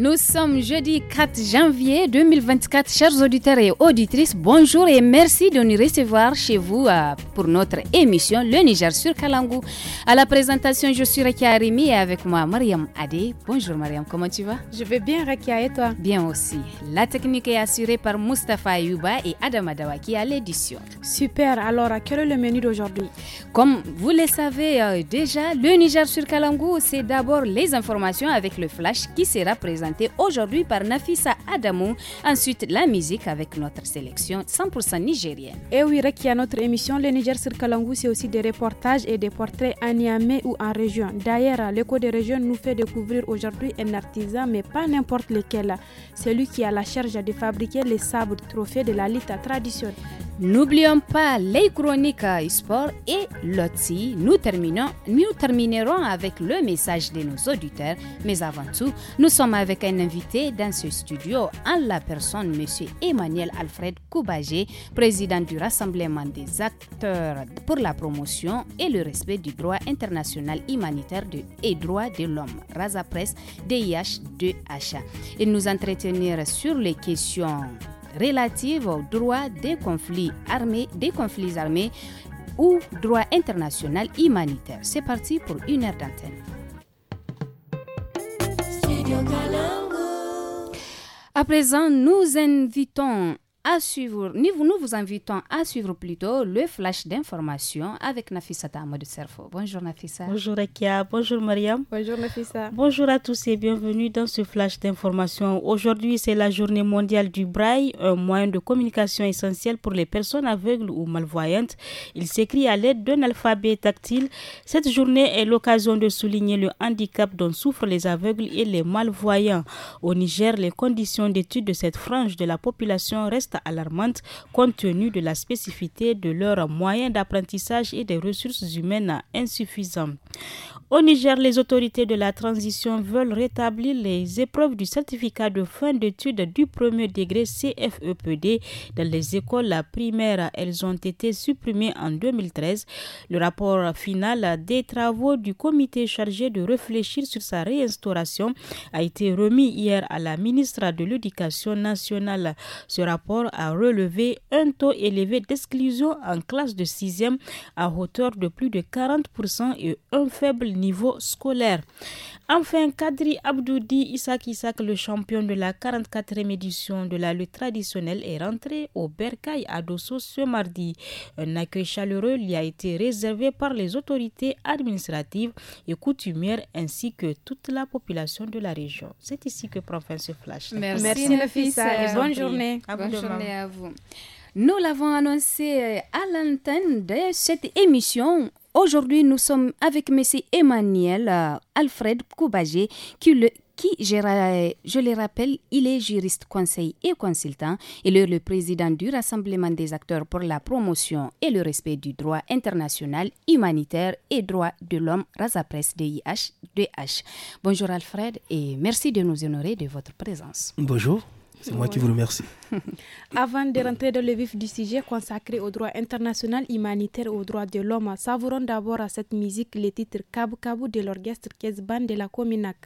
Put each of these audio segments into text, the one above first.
Nous sommes jeudi 4 janvier 2024. Chers auditeurs et auditrices, bonjour et merci de nous recevoir chez vous euh, pour notre émission Le Niger sur Kalangou. À la présentation, je suis Rekia Arimi et avec moi Mariam Adé. Bonjour Mariam, comment tu vas Je vais bien Rekia et toi Bien aussi. La technique est assurée par Mustapha Yuba et Adam Adawaki à l'édition. Super, alors quel est le menu d'aujourd'hui Comme vous le savez euh, déjà, Le Niger sur Kalangou, c'est d'abord les informations avec le flash qui sera présenté aujourd'hui par Nafisa Adamou. Ensuite, la musique avec notre sélection 100% nigérienne. Et eh oui, à notre émission Le Niger sur Kalangou, c'est aussi des reportages et des portraits en Niamey ou en région. D'ailleurs, l'écho des régions nous fait découvrir aujourd'hui un artisan, mais pas n'importe lequel. Celui qui a la charge de fabriquer les sabres trophées de la lita traditionnelle. N'oublions pas les chroniques sport et loti. Nous, terminons, nous terminerons avec le message de nos auditeurs. Mais avant tout, nous sommes avec un invité dans ce studio en la personne M. Emmanuel Alfred Koubagé, président du Rassemblement des acteurs pour la promotion et le respect du droit international humanitaire et droit de l'homme, Raza Press, dih 2 h Il nous entretenir sur les questions relatives au droit des conflits armés, des conflits armés ou droit international humanitaire. C'est parti pour une heure d'antenne. À présent, nous invitons suivre, nous vous invitons à suivre plutôt le flash d'information avec Nafissa Tamo Serfo. Bonjour Nafissa. Bonjour Akia, bonjour Mariam. Bonjour Nafissa. Bonjour à tous et bienvenue dans ce flash d'information. Aujourd'hui, c'est la journée mondiale du braille, un moyen de communication essentiel pour les personnes aveugles ou malvoyantes. Il s'écrit à l'aide d'un alphabet tactile. Cette journée est l'occasion de souligner le handicap dont souffrent les aveugles et les malvoyants. Au Niger, les conditions d'études de cette frange de la population restent alarmante compte tenu de la spécificité de leurs moyens d'apprentissage et des ressources humaines insuffisantes. Au Niger, les autorités de la transition veulent rétablir les épreuves du certificat de fin d'études du premier degré CFEPD dans les écoles primaires. Elles ont été supprimées en 2013. Le rapport final des travaux du comité chargé de réfléchir sur sa réinstauration a été remis hier à la ministre de l'Éducation nationale. Ce rapport a relevé un taux élevé d'exclusion en classe de 6e à hauteur de plus de 40% et un faible niveau scolaire. Enfin, Kadri Abdoudi Issaq le champion de la 44e édition de la lutte traditionnelle, est rentré au Bercail à Dosso ce mardi. Un accueil chaleureux lui a été réservé par les autorités administratives et coutumières ainsi que toute la population de la région. C'est ici que prend fin ce flash. Merci, le fils bonne journée. bonne journée à vous. Nous l'avons annoncé euh, à l'antenne de cette émission. Aujourd'hui, nous sommes avec M. Emmanuel euh, Alfred Koubagé, qui, le, qui je, le rappelle, il est juriste, conseil et consultant. Il est le président du Rassemblement des acteurs pour la promotion et le respect du droit international humanitaire et droit de l'homme, Razapresse, DIH, DH. Bonjour Alfred et merci de nous honorer de votre présence. Bonjour. C'est moi qui vous remercie. Avant de rentrer dans le vif du sujet consacré au droit international humanitaire et aux droits de l'homme, savourons d'abord à cette musique le titre Kabu Kabu de l'orchestre Kézban de la Cominac.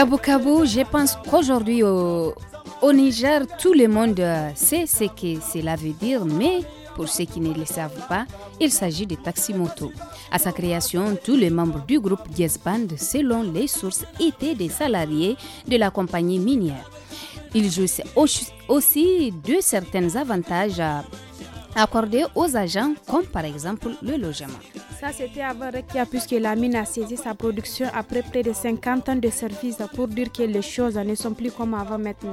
Kabou Kabou, je pense qu'aujourd'hui au, Niger, tout le monde euh, sait ce que cela veut dire, mais pour ceux qui ne le savent pas, il s'agit de taxi-moto. À sa création, tous les membres du groupe Yes selon les sources, étaient des salariés de la compagnie minière. Ils jouissaient aussi de certains avantages Accordé aux agents, comme par exemple le logement. Ça, c'était avant Rekia, puisque la mine a saisi sa production après près de 50 ans de service pour dire que les choses ne sont plus comme avant maintenant.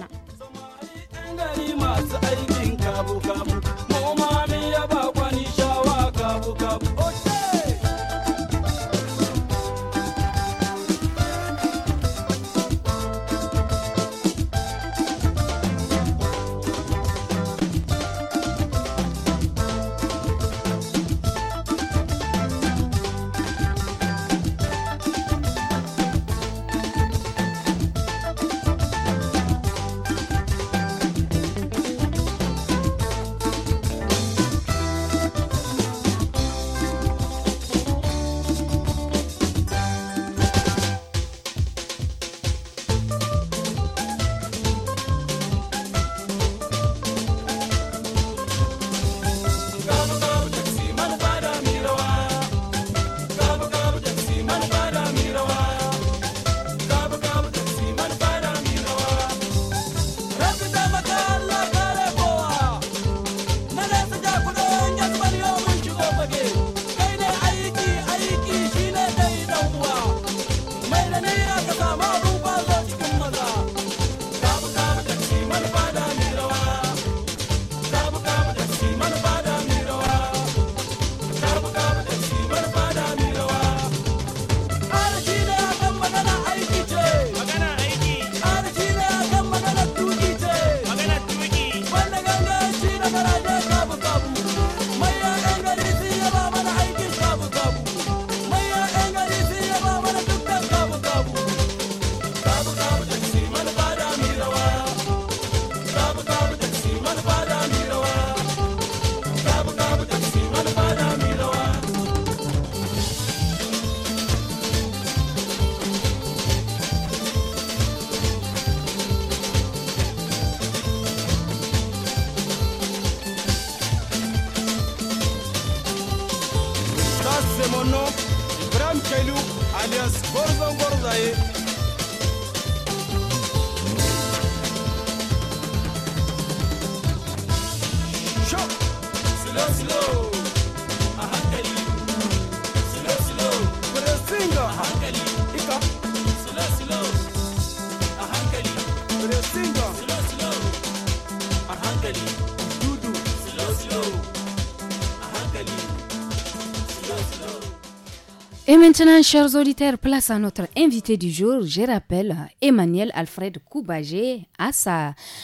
Et maintenant, chers auditeurs, place à notre invité du jour. Je rappelle Emmanuel Alfred Koubagé à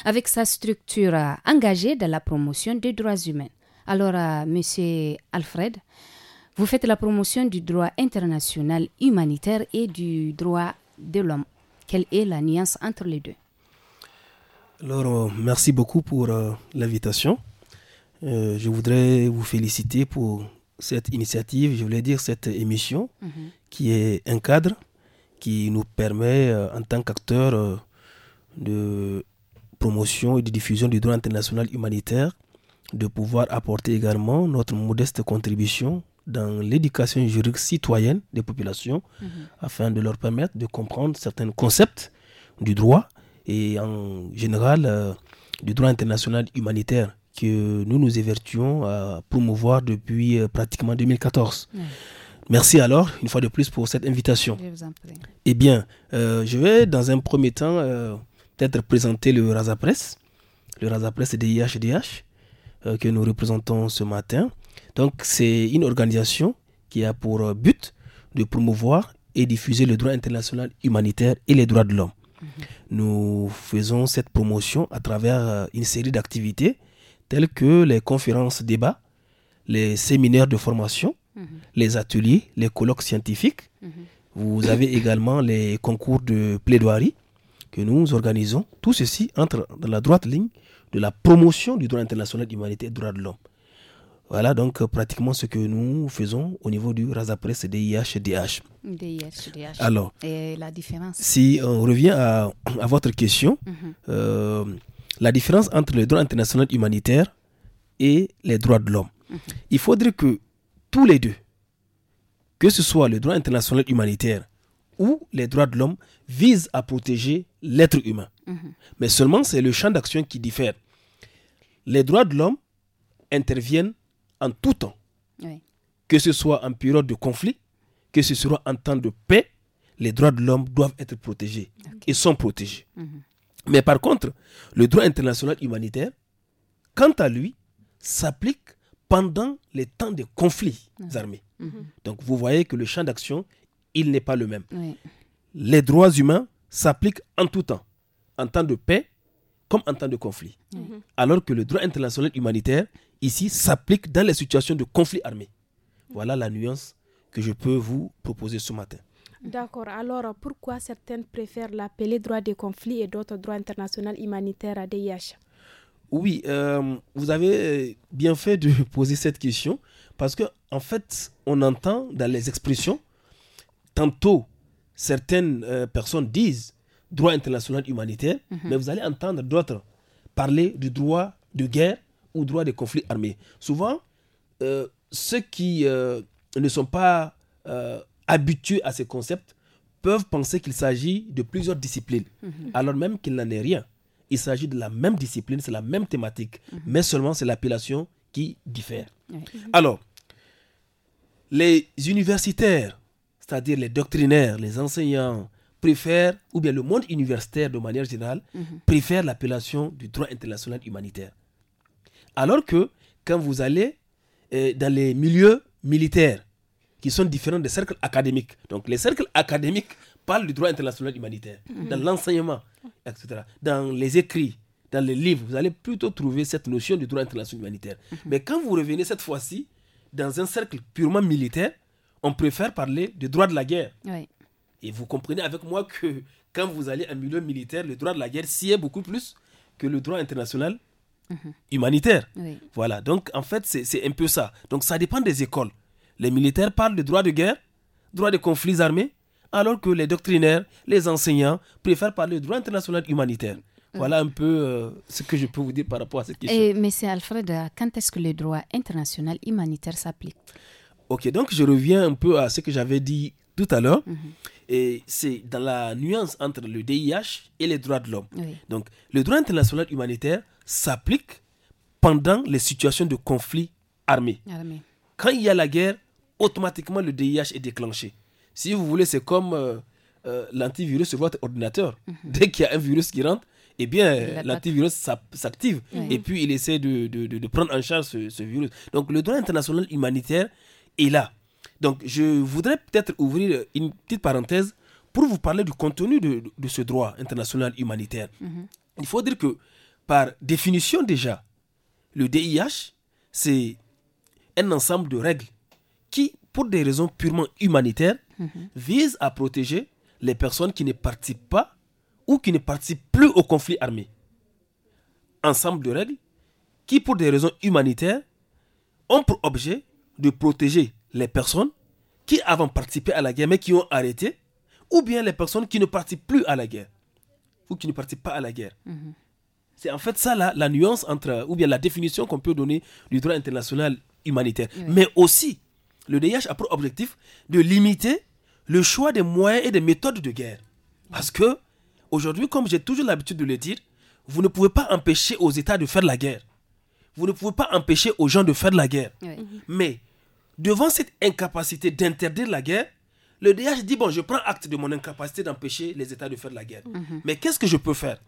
avec sa structure euh, engagée dans la promotion des droits humains. Alors, euh, monsieur Alfred, vous faites la promotion du droit international humanitaire et du droit de l'homme. Quelle est la nuance entre les deux Alors, euh, merci beaucoup pour l'invitation. je voudrais vous féliciter pour cette initiative, je voulais dire cette émission, mhm. qui est un cadre qui nous permet, euh, en tant qu'acteurs euh, de promotion et de diffusion du droit international humanitaire, de pouvoir apporter également notre modeste contribution dans l'éducation juridique citoyenne des populations, mhm. afin de leur permettre de comprendre certains concepts du droit et en général euh, du droit international humanitaire que nous nous évertuons à promouvoir depuis euh, pratiquement 2014. Merci alors, une fois de plus, pour cette invitation. Je Eh bien, euh, je vais dans un premier temps euh, peut-être présenter le Raza le Raza Press DIHDH, que nous représentons ce matin. Donc, c'est une organisation qui a pour but de promouvoir et diffuser le droit international humanitaire et les droits de l'homme. Mhm. Nous faisons cette promotion à travers une série d'activités telles que les conférences débats, les séminaires de formation, mhm. les ateliers, les colloques scientifiques. Mhm. Vous avez également les concours de plaidoirie que nous organisons. Tout ceci entre dans la droite ligne de la promotion du droit international d'humanité et du droit de l'homme. Voilà donc euh, pratiquement ce que nous faisons au niveau du Raza DIH DH. DIH DH. Alors, et la différence Si on revient à, votre question, mhm. euh, la différence entre le droit international humanitaire et les droits de l'homme. Il faudrait que tous les deux, que ce soit le droit international humanitaire ou les droits de l'homme, visent à protéger l'être humain. Mais seulement c'est le champ d'action qui diffère. Les droits de l'homme interviennent en tout temps, que ce soit en période de conflit, que ce soit en temps de paix, les droits de l'homme doivent être protégés et sont protégés. Mhm. Mais par contre, le droit international humanitaire, quant à lui, s'applique pendant les temps de conflits armés. Mhm. Mhm. Donc vous voyez que le champ d'action, il n'est pas le même. Les droits humains s'appliquent en tout temps, en temps de paix comme en temps de conflit. Mhm. Alors que le droit international humanitaire, ici, s'applique dans les situations de conflits armés. Voilà la nuance que je peux vous proposer ce matin. D'accord. Alors, pourquoi certaines préfèrent l'appeler droit des conflits et d'autres droit international humanitaire à DIH Oui, euh, vous avez bien fait de poser cette question parce que, en fait, on entend dans les expressions, tantôt, certaines euh, personnes disent droit international humanitaire, mhm. mais vous allez entendre d'autres parler du droit de guerre ou droit des conflits armés. Souvent, euh, ceux qui ne sont pas habitués à ce concept peuvent penser qu'il s'agit de plusieurs disciplines, mhm. alors même qu'il n'en est rien. Il s'agit de la même discipline, c'est la même thématique, mhm. mais seulement c'est l'appellation qui diffère. Mhm. Alors, les universitaires, c'est-à-dire les doctrinaires, les enseignants, préfèrent, ou bien le monde universitaire de manière générale, préfère l'appellation du droit international humanitaire. Alors que quand vous allez euh, dans les milieux militaires, qui sont différents des cercles académiques. Donc les cercles académiques parlent du droit international humanitaire, mhm. dans l'enseignement, etc. Dans les écrits, dans les livres, vous allez plutôt trouver cette notion du droit international humanitaire. Mhm. Mais quand vous revenez cette fois-ci dans un cercle purement militaire, on préfère parler du droit de la guerre. Et vous comprenez avec moi que quand vous allez en milieu militaire, le droit de la guerre s'y est beaucoup plus que le droit international mhm. humanitaire. Voilà, donc en fait c'est un peu ça. Donc ça dépend des écoles. Les militaires parlent de droit de guerre, droit de conflits armés, alors que les doctrinaires, les enseignants préfèrent parler de droit international humanitaire. Mm. Voilà un peu euh, ce que je peux vous dire par rapport à cette question. Et, mais c'est Alfred, euh, quand est-ce que le droit international humanitaire s'applique Ok, donc je reviens un peu à ce que j'avais dit tout à l'heure. Mm-hmm. Et c'est dans la nuance entre le DIH et les droits de l'homme. Donc, le droit international humanitaire s'applique pendant les situations de conflit armés. Quand il y a la guerre, automatiquement le DIH est déclenché. Si vous voulez, c'est comme euh, euh, l'antivirus sur votre ordinateur. Mhm. Dès qu'il y a un virus qui rentre, eh bien, euh, l'antivirus s'active. Et puis, il essaie de, prendre en charge ce, virus. Donc, le droit international humanitaire est là. Donc, je voudrais peut-être ouvrir une petite parenthèse pour vous parler du contenu de, ce droit international humanitaire. Mhm. Il faut dire que, par définition déjà, le DIH, c'est un ensemble de règles qui, pour des raisons purement humanitaires, mhm. vise visent à protéger les personnes qui ne participent pas ou qui ne participent plus au conflit armé. Ensemble de règles qui, pour des raisons humanitaires, ont pour objet de protéger les personnes qui, avant participé à la guerre, mais qui ont arrêté, ou bien les personnes qui ne participent plus à la guerre, ou qui ne participent pas à la guerre. Mhm. C'est en fait ça la, nuance entre, ou bien la définition qu'on peut donner du droit international humanitaire, mais aussi le DIH a pour objectif de limiter le choix des moyens et des méthodes de guerre. Parce que, aujourd'hui, comme j'ai toujours l'habitude de le dire, vous ne pouvez pas empêcher aux États de faire la guerre. Vous ne pouvez pas empêcher aux gens de faire la guerre. Mhm. Mais, devant cette incapacité d'interdire la guerre, le DH dit, bon, je prends acte de mon incapacité d'empêcher les États de faire la guerre. Mhm. Mais qu'est-ce que je peux faire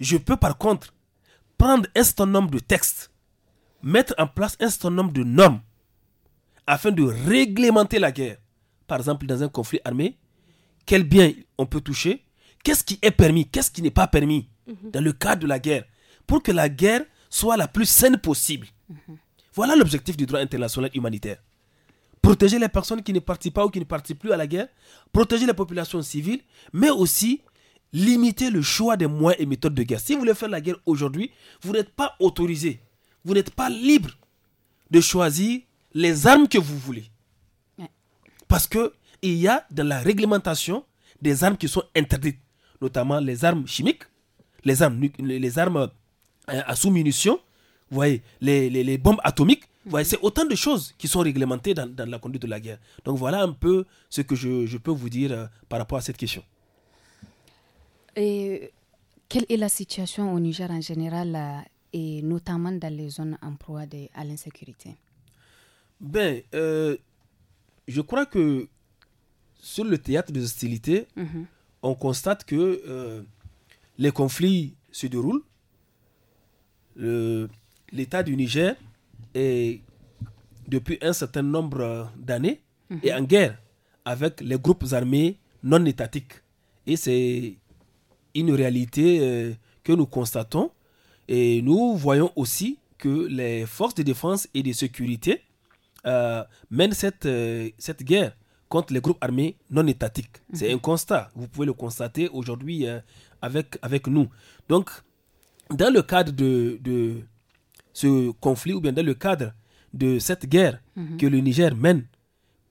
Je peux par contre prendre un certain nombre de textes, mettre en place un certain nombre de normes afin de réglementer la guerre. Par exemple, dans un conflit armé, quel bien on peut toucher, qu'est-ce qui est permis, qu'est-ce qui n'est pas permis mhm. dans le cadre de la guerre, pour que la guerre soit la plus saine possible. Mhm. Voilà l'objectif du droit international humanitaire. Protéger les personnes qui ne participent pas ou qui ne participent plus à la guerre, protéger les populations civiles, mais aussi limiter le choix des moyens et méthodes de guerre. Si vous voulez faire la guerre aujourd'hui, vous n'êtes pas autorisé, vous n'êtes pas libre de choisir les armes que vous voulez. Parce que il y a dans la réglementation des armes qui sont interdites, notamment les armes chimiques, les armes, les armes euh, à sous-munitions, les, bombes atomiques. c'est autant de choses qui sont réglementées dans, la conduite de la guerre. Donc voilà un peu ce que je, peux vous dire euh, par rapport à cette question. Et quelle est la situation au Niger en général euh, et notamment dans les zones en proie à l'insécurité ben, euh, je crois que sur le théâtre des hostilités, mhm. on constate que euh, les conflits se déroulent. L'État du Niger est depuis un certain nombre d'années mhm. en guerre avec les groupes armés non étatiques. Et c'est une réalité euh, que nous constatons. Et nous voyons aussi que les forces de défense et de sécurité euh, mène cette, euh, cette guerre contre les groupes armés non étatiques. Mhm. C'est un constat, vous pouvez le constater aujourd'hui euh, avec, avec nous. Donc, dans le cadre de, de, ce conflit, ou bien dans le cadre de cette guerre mhm. que le Niger mène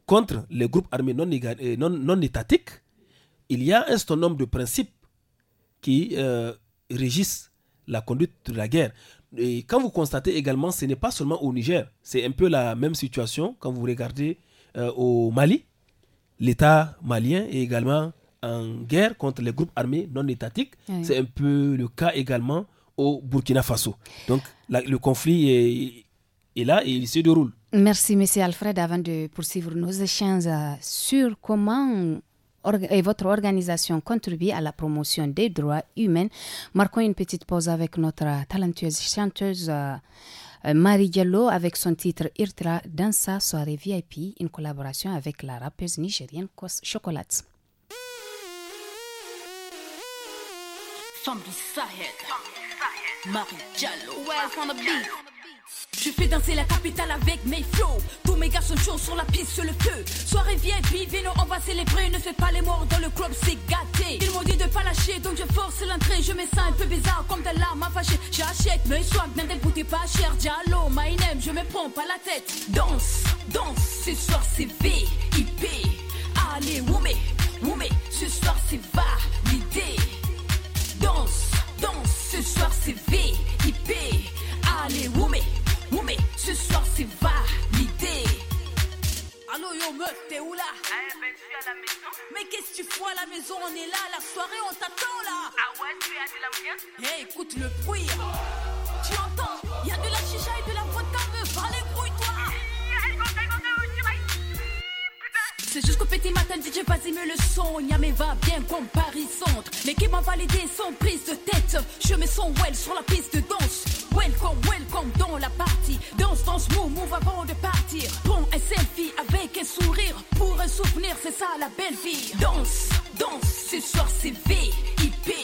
contre les groupes armés non étatiques, il y a un certain nombre de principes qui régissent la conduite de la guerre. Et quand vous constatez également, ce n'est pas seulement au Niger, c'est un peu la même situation quand vous regardez euh, au Mali. L'État malien est également en guerre contre les groupes armés non étatiques. C'est un peu le cas également au Burkina Faso. Donc le conflit est, est là et il se déroule. Merci, M. Alfred. Avant de poursuivre nos échanges euh, sur comment et votre organisation contribue à la promotion des droits humains. Marquons une petite pause avec notre talentueuse chanteuse euh, euh, Marie Diallo avec son titre Irtra dans sa soirée VIP, une collaboration avec la rappeuse nigérienne Kos Chocolat. Je fais danser la capitale avec mes flots. Tous mes gars sont chauds sur la piste, sur le feu. Soirée vive viens, on va célébrer. Ne faites pas les morts dans le club, c'est gâté. Ils m'ont dit de pas lâcher, donc je force l'entrée. Je me sens un peu bizarre, comme de larmes fâchée. J'achète mes soins, n'en déboutez pas cher. Diallo, my name, je me prends pas la tête. Danse, danse, ce soir c'est VIP. Allez, woumé, woumé, ce soir c'est validé. Danse, danse, ce soir c'est VIP. Allez, t'es où là eh, ben, Mais qu'est-ce que tu fous à la maison On est là, la soirée, on t'attend là. Ah ouais, tu es à de la Eh, écoute le bruit. Tu entends Il y a de la chicha et de la vodka, meuf. Allez, bruit, toi C'est jusqu'au petit matin, DJ, vas-y, le son. Niamé va bien comme Paris-Centre. L'équipe m'a validé sans prise de tête. Je mets son well sur la piste de danse. Welcome, welcome dans la partie. Danse, danse, move, move avant de partir. Prends un selfie avec un sourire pour un souvenir, c'est ça la belle vie. Danse, danse, ce soir c'est VIP.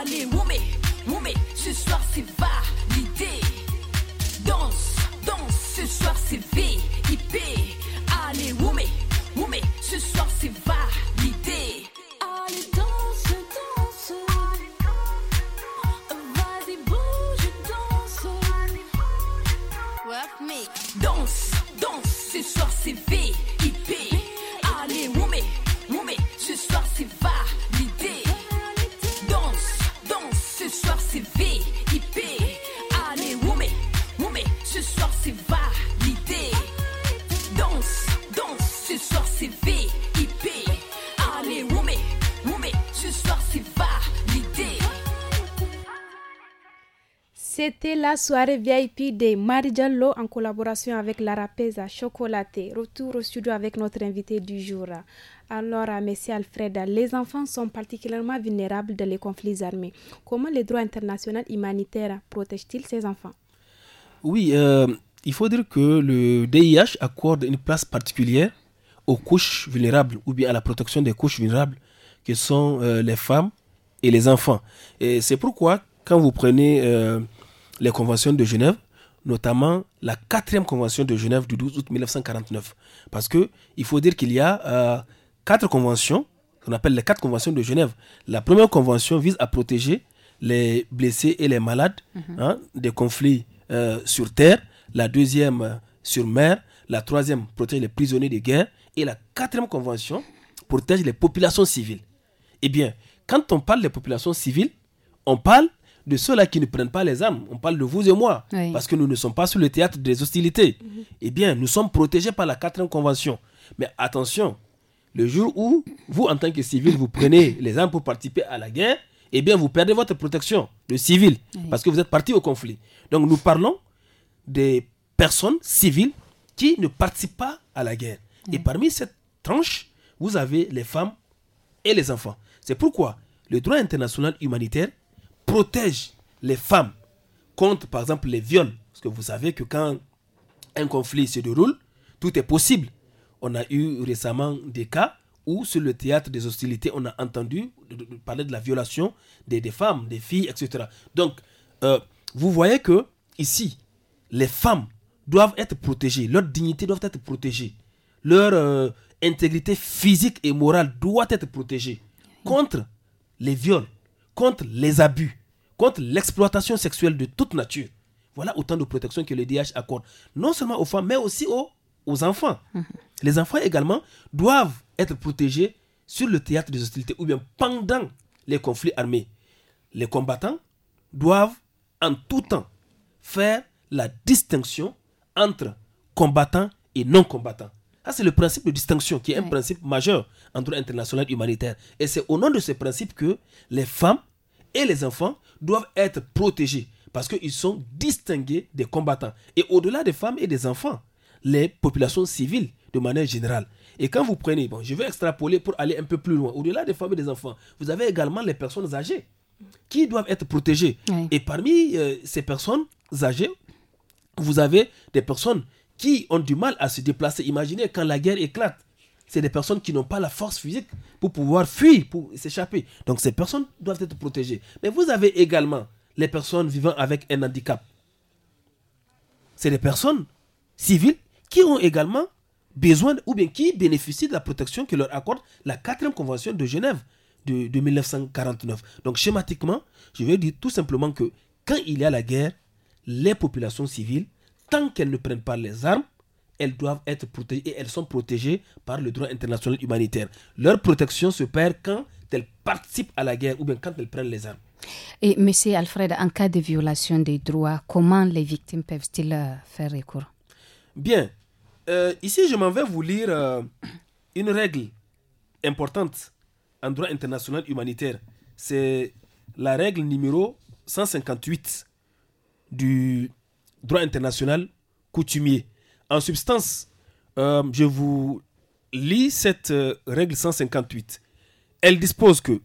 Allez, woumé, woumé, ce soir c'est validé. Danse, danse, ce soir c'est VIP. Allez, woumé, woumé, ce soir c'est validé. Danse, danse, ce soir c'est fait. C'était la soirée VIP des diallo en collaboration avec la à chocolaté. Retour au studio avec notre invité du jour. Alors, à euh, Monsieur Alfred, les enfants sont particulièrement vulnérables dans les conflits armés. Comment les droits internationaux humanitaires protège-t-il ces enfants Oui, euh, il faut dire que le DIH accorde une place particulière aux couches vulnérables ou bien à la protection des couches vulnérables que sont euh, les femmes et les enfants. Et c'est pourquoi quand vous prenez les conventions de Genève, notamment la quatrième convention de Genève du 12 août 1949. Parce que il faut dire qu'il y a euh, quatre conventions, qu'on appelle les quatre conventions de Genève. La première convention vise à protéger les blessés et les malades mhm. hein, des conflits euh, sur terre, la deuxième euh, sur mer, la troisième protège les prisonniers de guerre et la quatrième convention protège les populations civiles. Eh bien, quand on parle des populations civiles, on parle de ceux-là qui ne prennent pas les armes, on parle de vous et moi, parce que nous ne sommes pas sur le théâtre des hostilités, mhm. eh bien, nous sommes protégés par la 4 Convention. Mais attention, le jour où vous, en tant que civil, vous prenez les armes pour participer à la guerre, eh bien, vous perdez votre protection de civil, parce que vous êtes parti au conflit. Donc, nous parlons des personnes civiles qui ne participent pas à la guerre. Et parmi cette tranche, vous avez les femmes et les enfants. C'est pourquoi le droit international humanitaire protège les femmes contre, par exemple, les viols. Parce que vous savez que quand un conflit se déroule, tout est possible. On a eu récemment des cas où, sur le théâtre des hostilités, on a entendu parler de la violation des, femmes, des filles, etc. Donc, euh, vous voyez que, ici, les femmes doivent être protégées, leur dignité doit être protégée, leur euh, intégrité physique et morale doit être protégée contre les viols, contre les abus, contre l'exploitation sexuelle de toute nature. Voilà autant de protections que le DH accorde, non seulement aux femmes, mais aussi aux, aux enfants. Mhm. Les enfants également doivent être protégés sur le théâtre des hostilités ou bien pendant les conflits armés. Les combattants doivent en tout temps faire la distinction entre combattants et non combattants. Ah, c'est le principe de distinction qui est un principe majeur entre droit et humanitaire. Et c'est au nom de ce principe que les femmes et les enfants doivent être protégés parce qu'ils sont distingués des combattants. Et au-delà des femmes et des enfants, les populations civiles de manière générale. Et quand vous prenez, bon, je vais extrapoler pour aller un peu plus loin, au-delà des femmes et des enfants, vous avez également les personnes âgées qui doivent être protégées. Et parmi euh, ces personnes âgées, vous avez des personnes qui ont du mal à se déplacer. Imaginez quand la guerre éclate. C'est des personnes qui n'ont pas la force physique pour pouvoir fuir, pour s'échapper. Donc ces personnes doivent être protégées. Mais vous avez également les personnes vivant avec un handicap. C'est des personnes civiles qui ont également besoin ou bien qui bénéficient de la protection que leur accorde la 4e Convention de Genève de, 1949. Donc schématiquement, je vais dire tout simplement que quand il y a la guerre, les populations civiles tant qu'elles ne prennent pas les armes, elles doivent être protégées et elles sont protégées par le droit international humanitaire. Leur protection se perd quand elles participent à la guerre ou bien quand elles prennent les armes. Et Monsieur Alfred, en cas de violation des droits, comment les victimes peuvent elles euh, faire recours Bien, euh, ici je m'en vais vous lire euh, une règle importante en droit international humanitaire. C'est la règle numéro 158 du droit international coutumier. En substance, euh, je vous lis cette euh, règle 158. Elle dispose que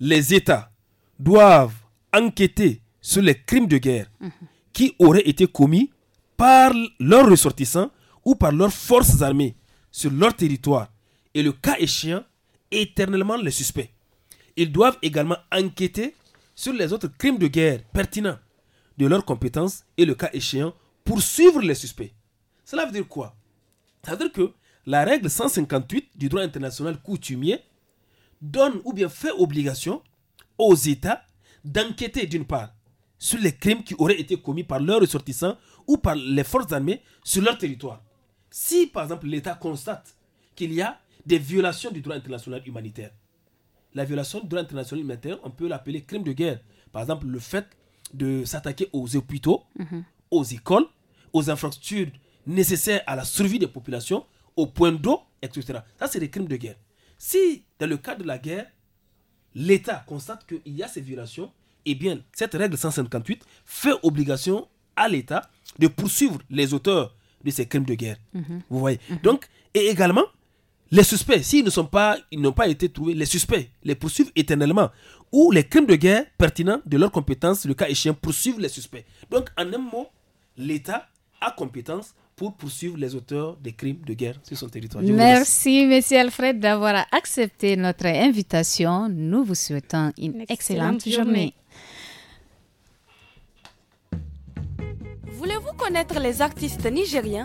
les États doivent enquêter sur les crimes de guerre qui auraient été commis par leurs ressortissants ou par leurs forces armées sur leur territoire et le cas échéant éternellement les suspects. Ils doivent également enquêter sur les autres crimes de guerre pertinents de leurs compétences et le cas échéant poursuivre les suspects. Cela veut dire quoi Ça veut dire que la règle 158 du droit international coutumier donne ou bien fait obligation aux États d'enquêter d'une part sur les crimes qui auraient été commis par leurs ressortissants ou par les forces armées sur leur territoire. Si par exemple l'État constate qu'il y a des violations du droit international humanitaire, la violation du droit international humanitaire, on peut l'appeler crime de guerre. Par exemple, le fait de s'attaquer aux hôpitaux, aux écoles, aux infrastructures nécessaires à la survie des populations, aux points d'eau, etc. Ça, c'est des crimes de guerre. Si, dans le cadre de la guerre, l'État constate qu'il y a ces violations, eh bien, cette règle 158 fait obligation à l'État de poursuivre les auteurs de ces crimes de guerre. Vous voyez Donc, et également, les suspects, s'ils ne sont pas, ils n'ont pas été trouvés, les suspects les poursuivent éternellement ou les crimes de guerre pertinents de leurs compétences, le cas échéant, poursuivre les suspects. Donc, en un mot, l'État a compétence pour poursuivre les auteurs des crimes de guerre sur son territoire. Merci, Monsieur Alfred, d'avoir accepté notre invitation. Nous vous souhaitons une, excellente, journée. journée. Voulez-vous connaître les artistes nigériens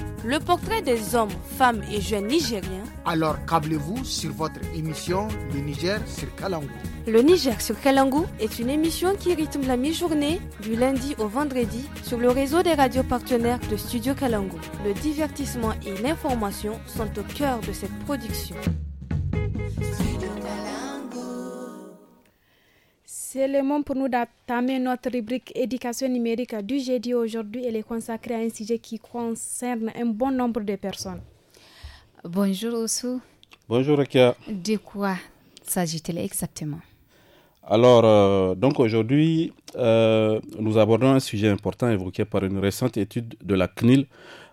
le portrait des hommes, femmes et jeunes nigériens. Alors câblez-vous sur votre émission Le Niger sur Kalangu. Le Niger sur Kalangu est une émission qui rythme la mi-journée du lundi au vendredi sur le réseau des radios partenaires de Studio Kalangu. Le divertissement et l'information sont au cœur de cette production. C'est le moment pour nous d'attamer notre rubrique éducation numérique du jeudi aujourd'hui. Elle est consacrée à un sujet qui concerne un bon nombre de personnes. Bonjour Osu. Bonjour Akia. De quoi s'agit-il exactement Alors, euh, donc aujourd'hui, euh, nous abordons un sujet important évoqué par une récente étude de la CNIL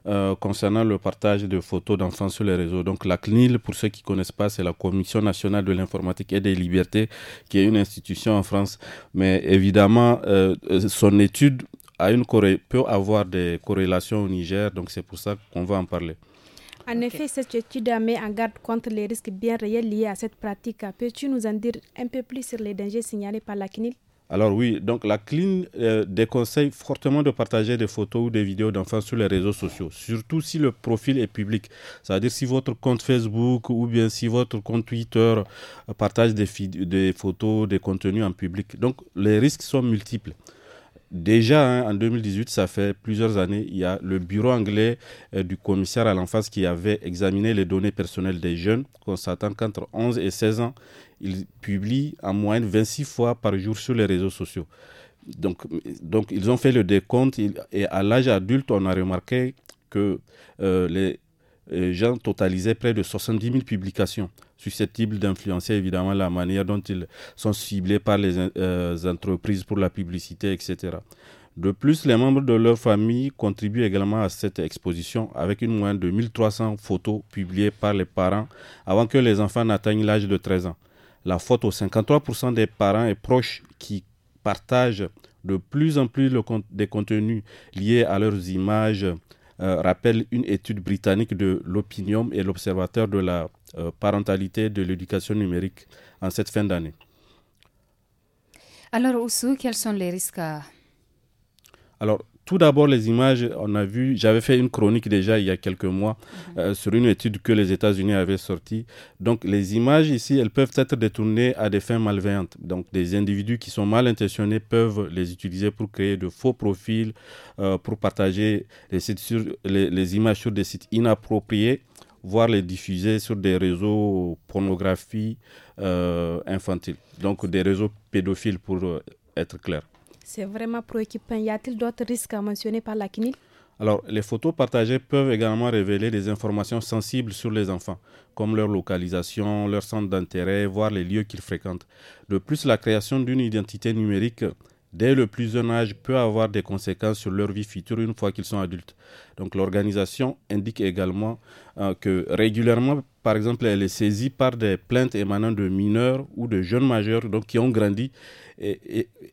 euh, concernant le partage de photos d'enfants sur les réseaux. Donc la CNIL, pour ceux qui ne connaissent pas, c'est la Commission nationale de l'informatique et des libertés, qui est une institution en France. Mais évidemment, euh, euh, son étude a une peut avoir des corrélations au Niger, donc c'est pour ça qu'on va en parler. En effet, cette étude met en garde contre les risques bien réels liés à cette pratique. Peux-tu nous en dire un peu plus sur les dangers signalés par la CNIL alors oui, donc la clean euh, déconseille fortement de partager des photos ou des vidéos d'enfants sur les réseaux sociaux, surtout si le profil est public. C'est-à-dire si votre compte Facebook ou bien si votre compte Twitter partage des photos, des contenus en public. Donc les risques sont multiples. Déjà, hein, en 2018, ça fait plusieurs années, il y a le bureau anglais euh, du commissaire à l'enfance qui avait examiné les données personnelles des jeunes, constatant qu'entre 11 et 16 ans, ils publient en moyenne 26 fois par jour sur les réseaux sociaux. Donc, donc ils ont fait le décompte et à l'âge adulte, on a remarqué que euh, les Jean totalisait près de 70 000 publications susceptibles d'influencer évidemment la manière dont ils sont ciblés par les euh, entreprises pour la publicité, etc. De plus, les membres de leur famille contribuent également à cette exposition avec une moyenne de 1300 photos publiées par les parents avant que les enfants n'atteignent l'âge de 13 ans. La faute aux 53% des parents et proches qui partagent de plus en plus des contenus liés à leurs images euh, rappelle une étude britannique de l'Opinion et l'Observateur de la euh, parentalité de l'éducation numérique en cette fin d'année. Alors, Oussou, quels sont les risques Alors, tout d'abord, les images, on a vu, j'avais fait une chronique déjà il y a quelques mois mhm. euh, sur une étude que les États-Unis avaient sortie. Donc, les images ici, elles peuvent être détournées à des fins malveillantes. Donc, des individus qui sont mal intentionnés peuvent les utiliser pour créer de faux profils, euh, pour partager les, images sur des sites inappropriés voire les diffuser sur des réseaux pornographie euh, infantile, donc des réseaux pédophiles pour être clair. C'est vraiment préoccupant. Y a-t-il d'autres risques à mentionner par la CNIL alors, les photos partagées peuvent également révéler des informations sensibles sur les enfants, comme leur localisation, leur centre d'intérêt, voire les lieux qu'ils fréquentent. De plus, la création d'une identité numérique dès le plus jeune âge peut avoir des conséquences sur leur vie future une fois qu'ils sont adultes. Donc l'organisation indique également euh, que régulièrement, par exemple, elle est saisie par des plaintes émanant de mineurs ou de jeunes majeurs donc, qui ont grandi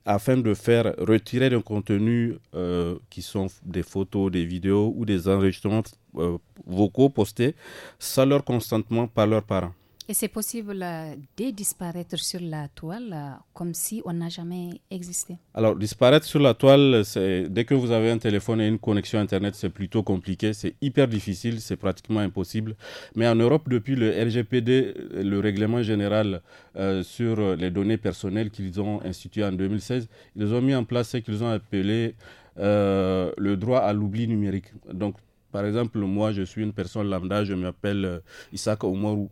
afin de faire retirer des contenus euh, qui sont des photos, des vidéos ou des enregistrements euh, vocaux postés sans leur consentement par leurs parents. Et c'est possible euh, de disparaître sur la toile euh, comme si on n'a jamais existé Alors, disparaître sur la toile, dès que vous avez un téléphone et une connexion Internet, c'est plutôt compliqué, c'est hyper difficile, c'est pratiquement impossible. Mais en Europe, depuis le RGPD, euh, le règlement général sur les données personnelles qu'ils ont institué en 2016, ils ont mis en place ce qu'ils ont appelé le droit à l'oubli numérique. Donc, par exemple, moi, je suis une personne lambda, je m'appelle Isaac Omorou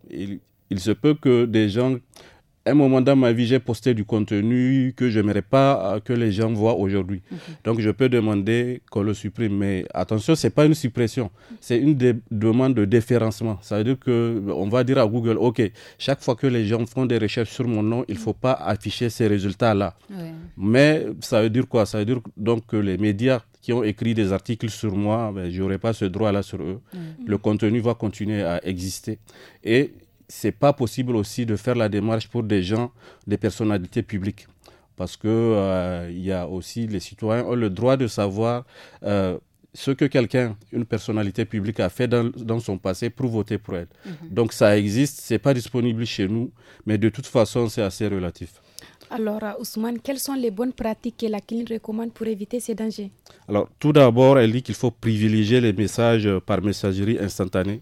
il se peut que des gens un moment dans ma vie, j'ai posté du contenu que je n'aimerais pas euh, que les gens voient aujourd'hui. Mhm. Donc, je peux demander qu'on le supprime. Mais attention, ce n'est pas une suppression. C'est une demande de déférencement. Ça veut dire qu'on va dire à Google, OK, chaque fois que les gens font des recherches sur mon nom, il ne faut pas afficher ces résultats-là. Mais ça veut dire quoi Ça veut dire donc que les médias qui ont écrit des articles sur moi, ben, je n'aurai pas ce droit-là sur eux. Le contenu va continuer à exister. Et c'est pas possible aussi de faire la démarche pour des gens, des personnalités publiques. Parce que euh, il y a aussi les citoyens ont le droit de savoir euh, ce que quelqu'un, une personnalité publique a fait dans, son passé pour voter pour elle. Mhm. Donc ça existe, c'est pas disponible chez nous, mais de toute façon c'est assez relatif. Alors, euh, Ousmane, quelles sont les bonnes pratiques que la CNIL recommande pour éviter ces dangers Alors, tout d'abord, elle dit qu'il faut privilégier les messages par messagerie instantanée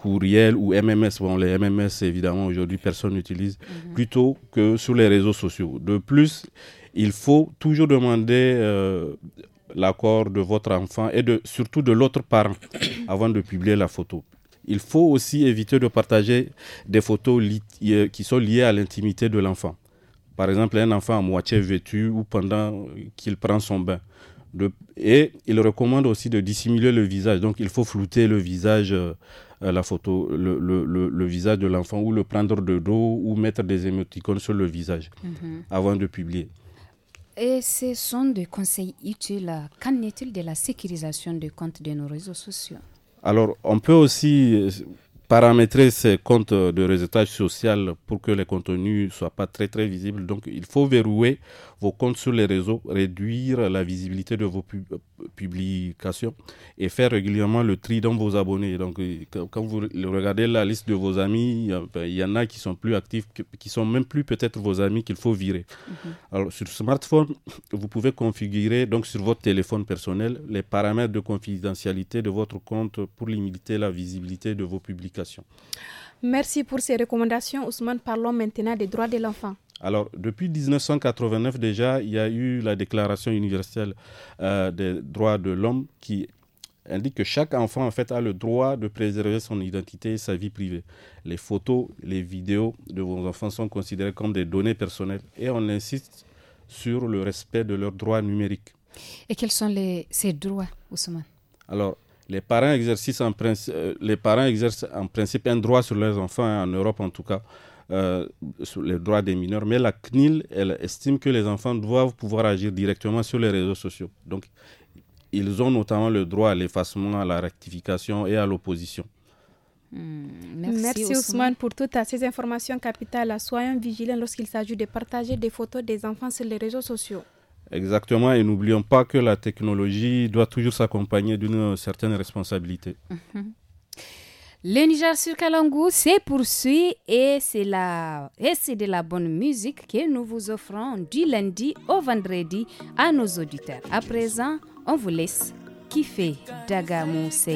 courriel ou MMS. Bon, les MMS, évidemment, aujourd'hui, personne n'utilise, mhm. plutôt que sur les réseaux sociaux. De plus, il faut toujours demander euh, l'accord de votre enfant et de, surtout de l'autre parent avant de publier la photo. Il faut aussi éviter de partager des photos euh, qui sont liées à l'intimité de l'enfant. Par exemple, un enfant à moitié vêtu ou pendant qu'il prend son bain. De, et il recommande aussi de dissimuler le visage. Donc, il faut flouter le visage. Euh, la photo, le, le, le, visage de l'enfant ou le prendre de dos ou mettre des émoticônes sur le visage mhm. avant de publier. Et ce sont des conseils utiles. Qu'en est-il de la sécurisation des comptes de nos réseaux sociaux Alors, on peut aussi euh, paramétrer ces comptes de réseautage social pour que les contenus ne soient pas très très visibles. Donc il faut verrouiller vos comptes sur les réseaux, réduire la visibilité de vos publications et faire régulièrement le tri dans vos abonnés. Donc euh, quand vous regardez la liste de vos amis, il y ben, en a qui sont plus actifs, qui sont même plus peut-être vos amis qu'il faut virer. Mhm. Alors sur smartphone, vous pouvez configurer donc sur votre téléphone personnel les paramètres de confidentialité de votre compte pour limiter la visibilité de vos publications Merci pour ces recommandations. Ousmane, parlons maintenant des droits de l'enfant. Alors, depuis 1989 déjà, il y a eu la Déclaration universelle euh, des droits de l'homme qui indique que chaque enfant en fait a le droit de préserver son identité et sa vie privée. Les photos, les vidéos de vos enfants sont considérées comme des données personnelles et on insiste sur le respect de leurs droits numériques. Et quels sont les, ces droits, Ousmane Alors, les parents, exercent en principe, euh, les parents exercent en principe un droit sur leurs enfants, en Europe en tout cas, euh, sur les droits des mineurs. Mais la CNIL, elle estime que les enfants doivent pouvoir agir directement sur les réseaux sociaux. Donc, ils ont notamment le droit à l'effacement, à la rectification et à l'opposition. Hmm, merci, Ousmane. pour toutes ces informations capitales. Soyons vigilants lorsqu'il s'agit de partager des photos des enfants sur les réseaux sociaux. Exactement, et n'oublions pas que la technologie doit toujours s'accompagner d'une certaine responsabilité. Mhm. Le Niger sur Kalangou se poursuit et c'est de la bonne musique que nous vous offrons du lundi au vendredi à nos auditeurs. À présent, on vous laisse kiffer Daga Mousse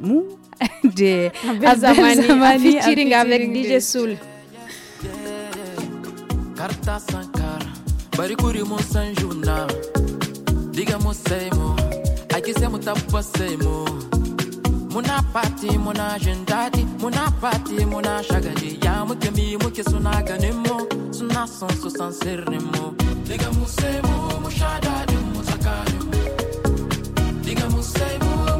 Mou de featuring avec DJ Soul. bari kuri musanjuna diga musaimo akise mutapwa seimo muna pati muna jin muna pati muna shagadi. ya muke mi muke suna ganin mu suna son su san sirrin mu diga musaimo mu sha diga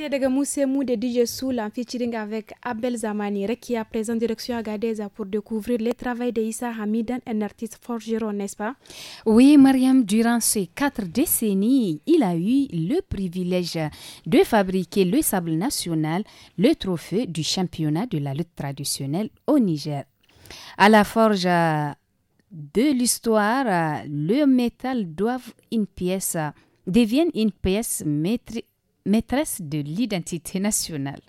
C'était daga Moussemou de DJ Soul en featuring avec Abel Zamani, qui à présent direction à Gadeza pour découvrir le travail de Hamidan, un artiste forgeron, n'est-ce pas Oui, Mariam, durant ces quatre décennies, il a eu le privilège de fabriquer le sable national, le trophée du championnat de la lutte traditionnelle au Niger. À la forge de l'histoire, le métal doit une pièce devienne une pièce maîtrise maîtresse de l'identité nationale.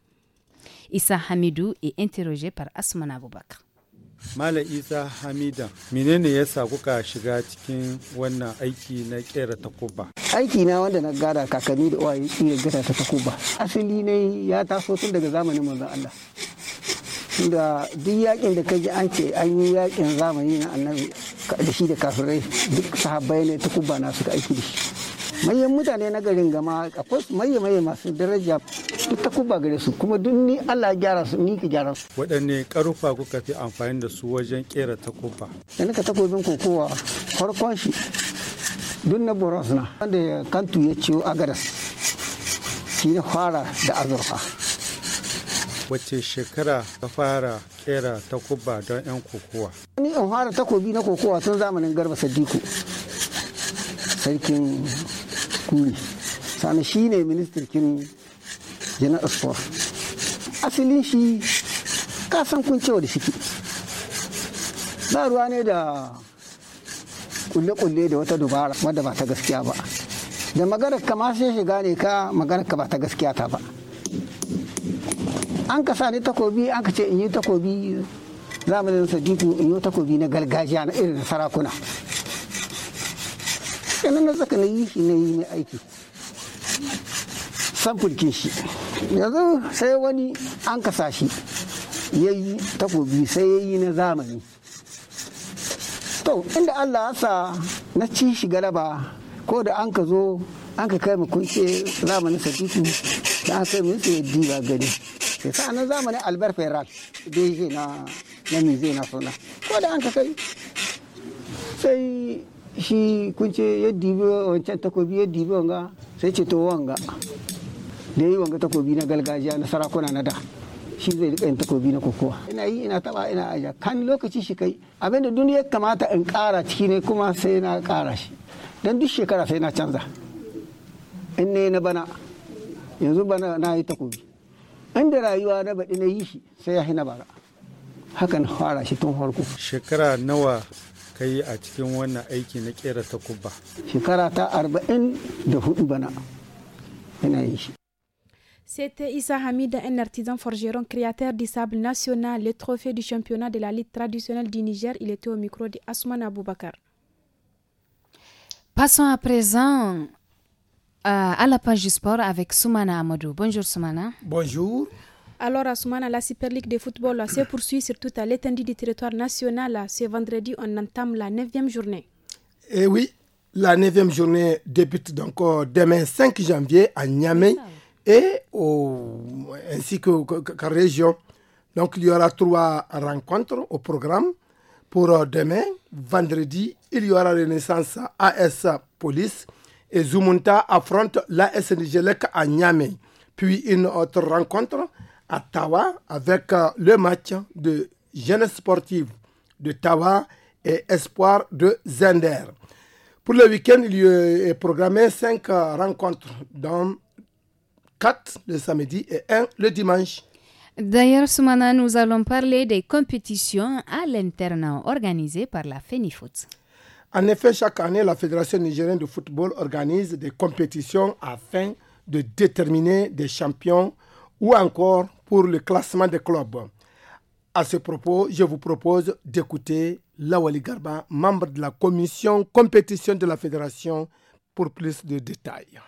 Issa Hamidou est interrogé par Asman Aboubakar. Mala Isa Hamida, menene ya sa kuka shiga cikin wannan aiki na kera takuba? Aiki na wanda na gada kakanni da uwaye shi ya gada ta takuba. Asali ne ya taso tun daga zamanin manzon Allah. da duk yakin da kaji an ce an yi yakin zamani na annabi da shi da kafirai duk sahabbai ne takuba na suka aiki da shi. manyan mutane na garin gama akwai maye maye masu daraja duk ta kuba gare su kuma duk ni Allah gyara su ni ki gyara su waɗanne karufa kuka fi amfani da su wajen kera takuba da nika takobin kokowa farkon shi duk na boros na wanda kantu ya ciwo agaras shi na fara da azurfa wace shekara ta fara kera takuba don 'yan kokowa ni in fara takobi na kokowa tun zamanin garba sadiku sarkin ne sani shi ne ministirkin janar sport asalin shi kasan kun cewa da shiki na ruwa ne da kulle-kulle da wata dubara wadda ba ta gaskiya ba da magana ka ma sai shiga ne ka magana ka ba ta gaskiya ta ba an ka sani takobi an ka ce in yi takobi zamanin sadiku in yi takobi na gargajiya na irin sarakuna haka nan na zaka na yi shi na yi mai aiki samfur ke shi yanzu sai wani an kasa shi ya yi takobi sai ya yi na zamani to inda allah sa na ci shi galaba ko da an ka zo an ka kai kunce zamanin sadutu da an sai mutu ya diba gani sai sa na zamani albert ferrat da na na mize na suna ko da an ka kai sai shi kun ce ya dibi wancan takobi ya dibi wanga sai ce to wanga da yi wanga takobi na galgajiya na sarakuna na da shi zai rika yin takobi na kokowa ina yi ina taba ina aja kan lokaci shi kai abinda duniya kamata in kara ciki ne kuma sai na kara shi dan duk shekara sai na canza in ne na bana yanzu bana na yi takobi inda rayuwa na baɗi na yi shi sai ya na bara hakan fara shi tun farko shekara nawa C'était Issa Hamid, un artisan forgeron créateur du sable national, le trophée du championnat de la Ligue traditionnelle du Niger. Il était au micro de Asman Aboubakar. Passons à présent euh, à la page du sport avec Soumana Amadou. Bonjour Soumana. Bonjour. Alors, à moment-là, la Super League de football se poursuit surtout à l'étendue du territoire national. Ce vendredi, on entame la 9e journée. Et eh oui, la 9e journée débute donc euh, demain 5 janvier à Niamey et au, ainsi que, région. Donc, il y aura trois rencontres au programme pour euh, demain. Vendredi, il y aura Renaissance AS Police et Zumunta affronte la Nigelec à Niamey. Puis une autre rencontre à Tawa avec euh, le match de Jeunesse Sportive de Tawa et Espoir de Zender. Pour le week-end, il est programmé 5 euh, rencontres, dont 4 le samedi et 1 le dimanche. D'ailleurs, matin, nous allons parler des compétitions à l'internat organisées par la FENIFOOT. En effet, chaque année, la Fédération nigérienne de football organise des compétitions afin de déterminer des champions ou encore pour le classement des clubs. À ce propos, je vous propose d'écouter Lawali Garba, membre de la commission compétition de la fédération, pour plus de détails.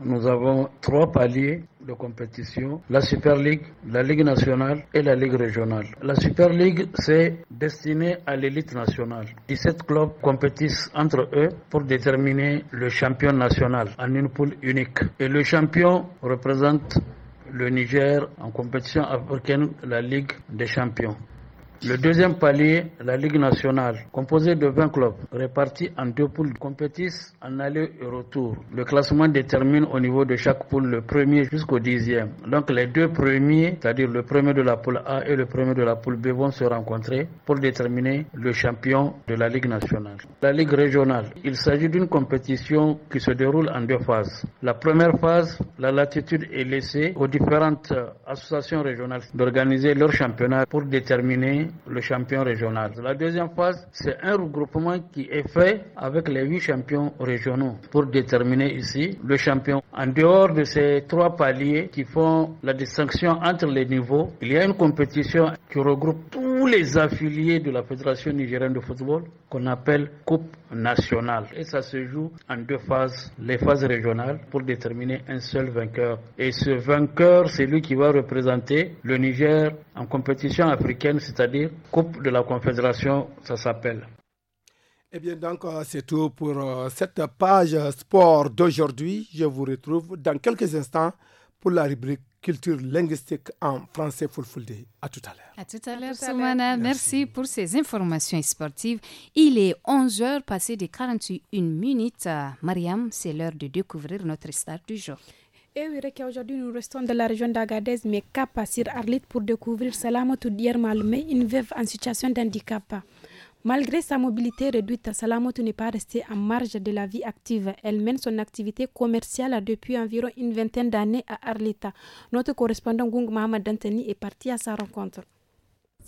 Nous avons trois paliers de compétition, la Super League, la Ligue nationale et la Ligue régionale. La Super League, c'est destiné à l'élite nationale. 17 clubs compétissent entre eux pour déterminer le champion national en une poule unique. Et le champion représente le Niger en compétition africaine, la Ligue des champions. Le deuxième palier, la Ligue nationale, composée de 20 clubs répartis en deux poules, compétissent en aller et retour. Le classement détermine au niveau de chaque poule le premier jusqu'au dixième. Donc les deux premiers, c'est-à-dire le premier de la poule A et le premier de la poule B, vont se rencontrer pour déterminer le champion de la Ligue nationale. La Ligue régionale, il s'agit d'une compétition qui se déroule en deux phases. La première phase, la latitude est laissée aux différentes associations régionales d'organiser leur championnat pour déterminer le champion régional. La deuxième phase, c'est un regroupement qui est fait avec les huit champions régionaux pour déterminer ici le champion. En dehors de ces trois paliers qui font la distinction entre les niveaux, il y a une compétition qui regroupe tous les affiliés de la Fédération nigérienne de football qu'on appelle Coupe nationale. Et ça se joue en deux phases, les phases régionales, pour déterminer un seul vainqueur. Et ce vainqueur, c'est lui qui va représenter le Niger en compétition africaine, c'est-à-dire Coupe de la Confédération, ça s'appelle. Eh bien, donc, euh, c'est tout pour euh, cette page sport d'aujourd'hui. Je vous retrouve dans quelques instants pour la rubrique culture linguistique en français Fulfulde. À tout à l'heure. À tout à l'heure, Soumana. Merci. pour ces informations sportives. Il est 11h, passé de 41 minutes. Mariam, c'est l'heure de découvrir notre star du jour. Et eh oui, aujourd'hui, nous restons dans la région d'Agadez, mais cap sur Arlit pour découvrir Salamotou Diermalme, une veuve en situation d'handicap. Malgré sa mobilité réduite, Salamoto n'est pas restée en marge de la vie active. Elle mène son activité commerciale depuis environ une vingtaine d'années à Arleta. Notre correspondant Gung Mohamed Dantani est parti à sa rencontre.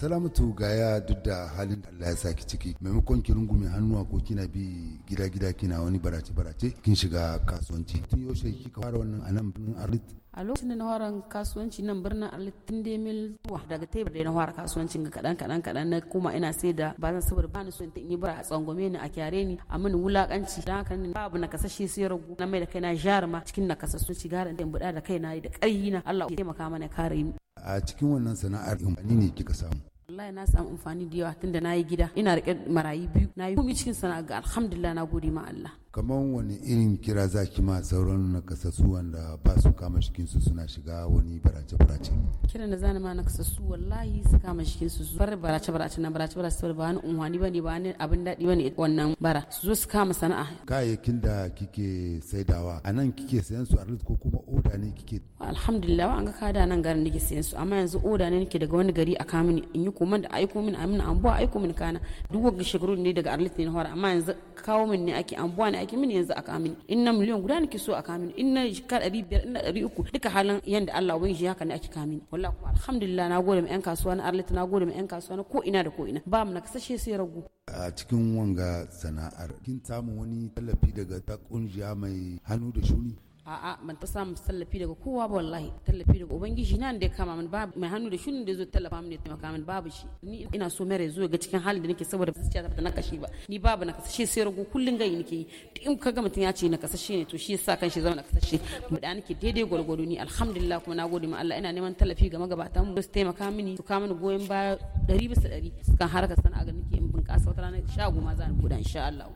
salamatu gaya ya halin Allah ya saki ciki maimakon ki rungume hannuwa ko kina bi gida gida kina wani barace barace kin shiga kasuwanci tun yaushe kika fara wannan anan birnin Arlit a lokacin da na fara kasuwanci nan birnin alitin demil daga tebur da na fara kasuwanci kaɗan kaɗan kaɗan na kuma ina sai da ba zan saboda ni so in yi bara a tsangwame ni a kyare ni a mini wulakanci dan haka ni babu na kasashe sai ragu na mai da kaina jarma cikin na kasassu ci garan da buɗa da kaina da ƙarfi na Allah ya taimaka mana kare ni a cikin wannan sana'ar amfani ne kika samu wallahi na samu amfani da yawa tunda na yi gida ina riƙe marayu biyu na yi komi cikin sana'a ga alhamdulillah na gode ma Allah kamar wani irin kira za ki ma sauran na nakasassu wanda ba su kama jikinsu suna shiga wani barace-barace kira da zani ma nakasassu wallahi su kama jikinsu su bar barace-barace na barace-barace saboda ba wani unwani ba ne ba wani abin daɗi ba wannan bara su zo su kama sana'a kayayyakin da kike saidawa a nan kike sayan su a ko kuma oda ne kike alhamdulillah wa an ga kada nan garin nake sayan su amma yanzu oda ne nake daga wani gari a kama ni in yi koman da aiko min amina an buwa aiko min kana duk wani shekaru ne daga arlit ne na amma yanzu kawo min ne ake an buwa ne aiki mini yanzu a kamini in na miliyan guda nake so a kamini in na shika ɗari biyar in na ɗari uku duka halin yanda Allah wani shi haka ne ake kamini wala kuma alhamdulillah na gode ma 'yan kasuwa na arlita na gode ma 'yan kasuwa na ko ina da ko ina ba mu na kasashe sai ragu. a cikin wanga sana'ar kin samu wani tallafi daga ta kungiya mai hannu da shuni a'a ban ta samu tallafi daga kowa ba wallahi tallafi daga ubangiji nan da kama min babu mai hannu da shunin da zo tallafa min ya taimaka min babu shi ni ina so mere zo ga cikin halin da nake saboda zuciya ta na kashe ba ni babu na kasashe sai rago kullun gai nake yi duk in kaga mutun ya ce na kasashe ne to shi yasa kanshi zama na kasashe mu da nake daidai gwargwado ni alhamdulillah kuma na gode ma Allah ina neman tallafi ga magabatan mu su taimaka mini su kama min goyon baya ɗari bisa ɗari su kan harkar sana'a ga nake in bunƙasa wata rana shago ma za ni buɗa insha Allah.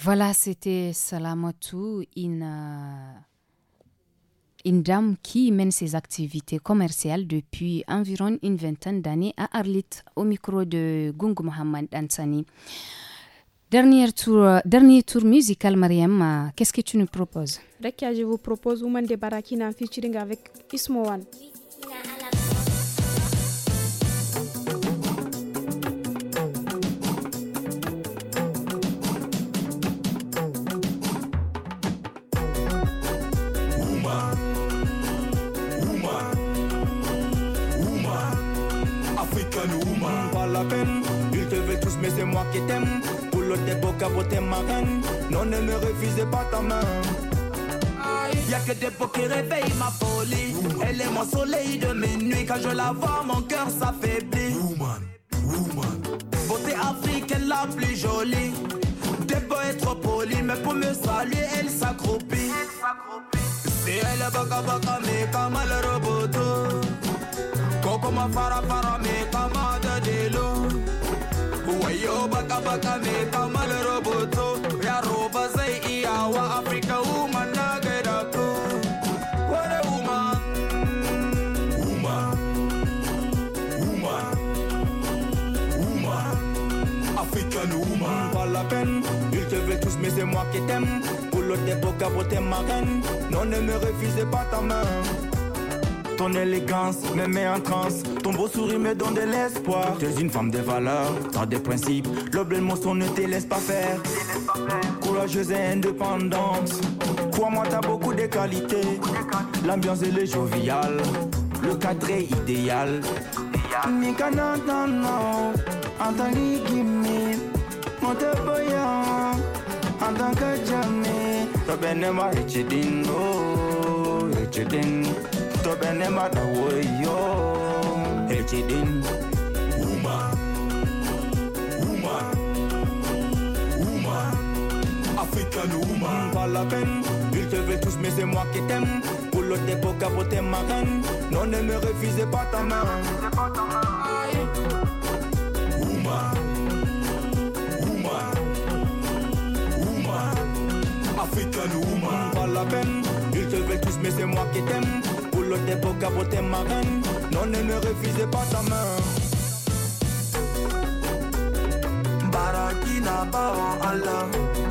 Voilà, c'était Salamatu, une, euh, une dame qui mène ses activités commerciales depuis environ une vingtaine d'années à Arlit, au micro de Gung Mohamed Ansani. Dernier tour, euh, dernier tour musical, Mariam, euh, qu'est-ce que tu nous proposes je vous propose de Barakina featuring avec Ismoan. qui t'aime, Pour l'autre des beaux capotés ma reine. Non, ne me refusez pas ta main. Y'a que des beaux qui réveillent ma folie. Elle est mon soleil de mes nuits. Quand je la vois, mon cœur s'affaiblit. Woman, woman. Beauté africaine la plus jolie. Des beaux est trop polis, mais pour me saluer, elle s'accroupit. et elle est baka baka, mais comme le robot. Coco ma fara fara, mais comme de yo baka baka mai kamar roboto yaro ba zai iya wa afirka woman na gaida ku wani woman woman woman woman african woman pas la peine ils te veulent tous mais c'est moi qui t'aime pour l'autre des beaux non ne me refusez pas ta main ton élégance me met en transe. Ton beau sourire me donne de l'espoir. Tu es une femme de valeur, t'as des principes. le de son ne te laisse pas faire. Courageuse et indépendante. Crois-moi, t'as beaucoup de qualités. L'ambiance est joviale, le cadre est idéal to la peine. te veulent tous, mais c'est moi qui t'aime. Pour l'autre, ma Non, ne me refusez pas ta main. Woman. Woman. African woman. Pas la peine. te veulent tous, mais c'est moi qui t'aime l'autre pour beaux ma marraines. Non, ne me refusez pas ta main. Barakina, Allah.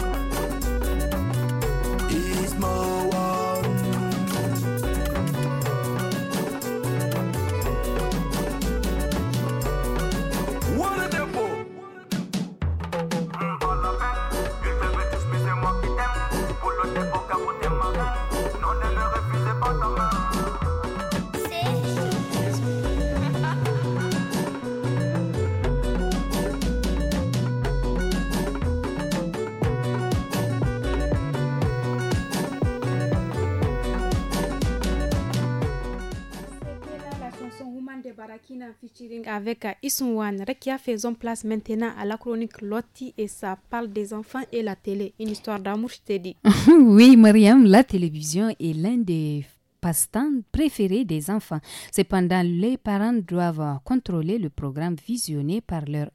Kina featuring avec Isouane Rekia son place maintenant à la chronique Loti et ça parle des enfants et la télé. Une histoire d'amour, je te dit. oui, Mariam, la télévision est l'un des passe-temps préférés des enfants. Cependant, les parents doivent contrôler le programme visionné par leur,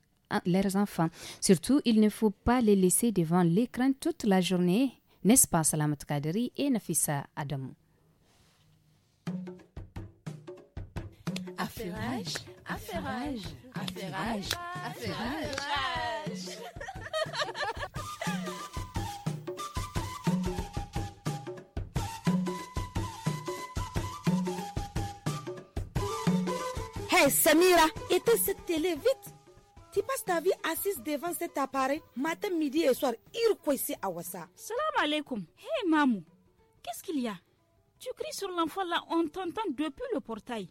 leurs enfants. Surtout, il ne faut pas les laisser devant l'écran toute la journée, n'est-ce pas, Salamat Kadri et Nafissa Adam. Affairage. Affairage. Affairage. Affairage. Hey Samira, éteins cette télé vite. Tu passes ta vie assise devant cet appareil matin, midi et soir. à Awasa. Salam alaikum. Hey Mamou, qu'est-ce qu'il y a Tu cries sur l'enfant là, on t'entend depuis le portail.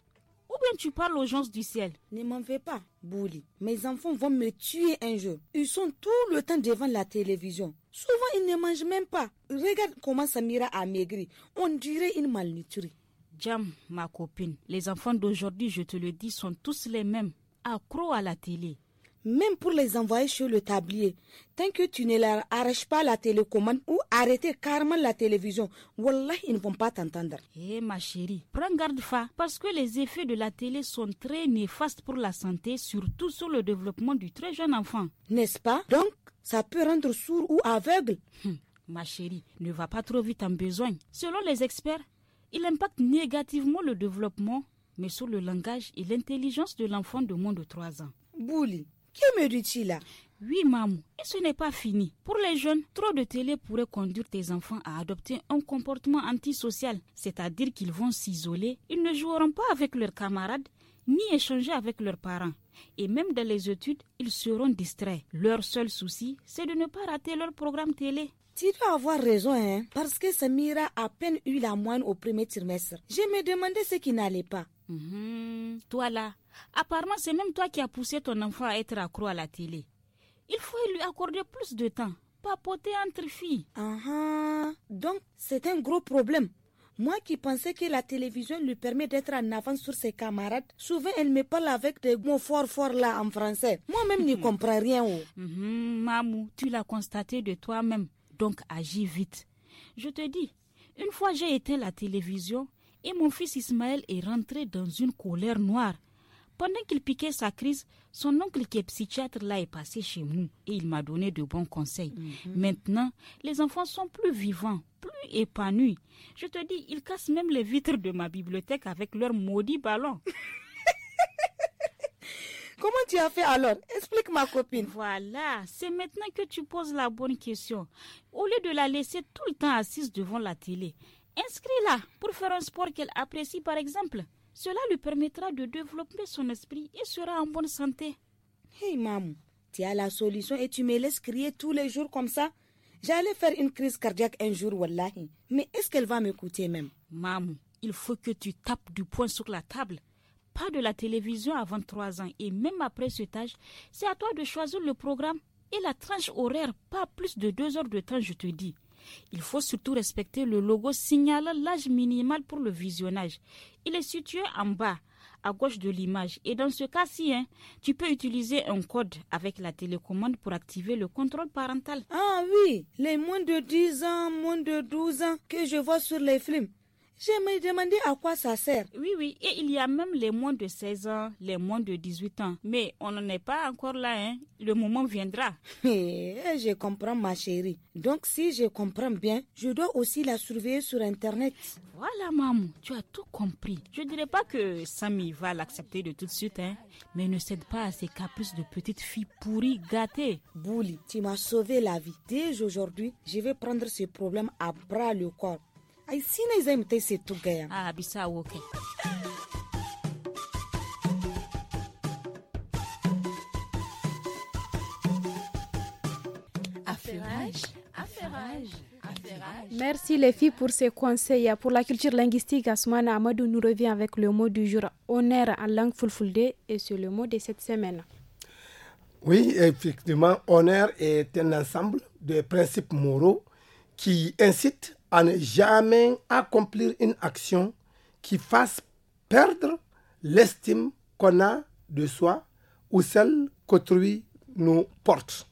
Ou bien tu parles aux gens du ciel Ne m'en fais pas, Bouli. Mes enfants vont me tuer un jour. Ils sont tout le temps devant la télévision. Souvent, ils ne mangent même pas. Regarde comment Samira a maigri. On dirait une malnutrie. Jam, ma copine, les enfants d'aujourd'hui, je te le dis, sont tous les mêmes, Accro à la télé même pour les envoyer sur le tablier. Tant que tu ne leur arraches pas la télécommande ou arrêtez carrément la télévision, Wallah, ils ne vont pas t'entendre. Eh ma chérie, prends garde fa, parce que les effets de la télé sont très néfastes pour la santé, surtout sur le développement du très jeune enfant. N'est-ce pas Donc, ça peut rendre sourd ou aveugle. Hum, ma chérie, ne va pas trop vite en besoin. Selon les experts, il impacte négativement le développement, mais sur le langage et l'intelligence de l'enfant de moins de 3 ans. Bouli, que me dis-tu là oui, maman, et ce n'est pas fini. Pour les jeunes, trop de télé pourrait conduire tes enfants à adopter un comportement antisocial, c'est-à-dire qu'ils vont s'isoler, ils ne joueront pas avec leurs camarades, ni échanger avec leurs parents. Et même dans les études, ils seront distraits. Leur seul souci, c'est de ne pas rater leur programme télé. Tu dois avoir raison, hein, parce que Samira a à peine eu la moine au premier trimestre. Je me demandais ce qui n'allait pas. Mhm. toi là, Apparemment, c'est même toi qui as poussé ton enfant à être accro à la télé. Il faut lui accorder plus de temps, papoter entre filles. Ah ah Donc, c'est un gros problème. Moi qui pensais que la télévision lui permet d'être en avance sur ses camarades, souvent elle me parle avec des mots fort fort là en français. Moi-même n'y comprends rien. Oh. Mhm, mamou, tu l'as constaté de toi-même, donc agis vite. Je te dis, une fois j'ai éteint la télévision et mon fils Ismaël est rentré dans une colère noire. Pendant qu'il piquait sa crise, son oncle qui est psychiatre là est passé chez nous et il m'a donné de bons conseils. Mhm. Maintenant, les enfants sont plus vivants, plus épanouis. Je te dis, ils cassent même les vitres de ma bibliothèque avec leurs maudits ballons. Comment tu as fait alors Explique ma copine. Voilà, c'est maintenant que tu poses la bonne question. Au lieu de la laisser tout le temps assise devant la télé, inscris-la pour faire un sport qu'elle apprécie par exemple. Cela lui permettra de développer son esprit et sera en bonne santé. Hey maman, tu as la solution et tu me laisses crier tous les jours comme ça. J'allais faire une crise cardiaque un jour, wallahi. Mais est-ce qu'elle va m'écouter même Maman, il faut que tu tapes du poing sur la table. Pas de la télévision avant trois ans et même après ce âge, c'est à toi de choisir le programme et la tranche horaire, pas plus de deux heures de temps, je te dis. Il faut surtout respecter le logo signalant l'âge minimal pour le visionnage. Il est situé en bas, à gauche de l'image. Et dans ce cas-ci, hein, tu peux utiliser un code avec la télécommande pour activer le contrôle parental. Ah oui, les moins de 10 ans, moins de 12 ans que je vois sur les films. Je me à quoi ça sert. Oui, oui, et il y a même les moins de 16 ans, les moins de 18 ans. Mais on n'en est pas encore là, hein. Le moment viendra. Eh, eh, je comprends, ma chérie. Donc, si je comprends bien, je dois aussi la surveiller sur Internet. Voilà, maman, tu as tout compris. Je dirais pas que Sammy va l'accepter de tout de suite, hein. Mais ne cède pas à ses caprices de petite fille pourrie gâtée. Bouli, tu m'as sauvé la vie. Dès aujourd'hui, je vais prendre ce problème à bras le corps Merci les filles pour ces conseils. Pour la culture linguistique, Asmana Amadou nous revient avec le mot du jour honneur en langue fulfulde et sur le mot de cette semaine. Oui, effectivement, honneur est un ensemble de principes moraux qui incitent à ne jamais accomplir une action qui fasse perdre l'estime qu'on a de soi ou celle qu'autrui nous porte.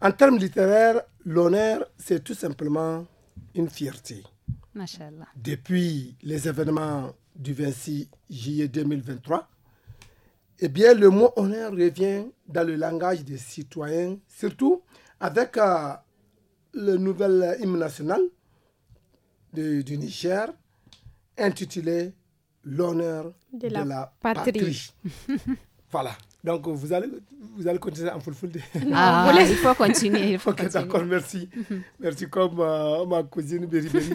En termes littéraires, l'honneur, c'est tout simplement une fierté. Depuis les événements du 26 juillet 2023, eh bien, le mot honneur revient dans le langage des citoyens, surtout avec euh, le nouvel hymne national de, du Niger intitulé L'honneur de, de, la patrie. patrie. voilà. Donc, vous allez, vous allez continuer en full full. De... Ah, voilà, il faut continuer. Il faut okay, d'accord, merci. Merci comme euh, ma cousine Beri Beri.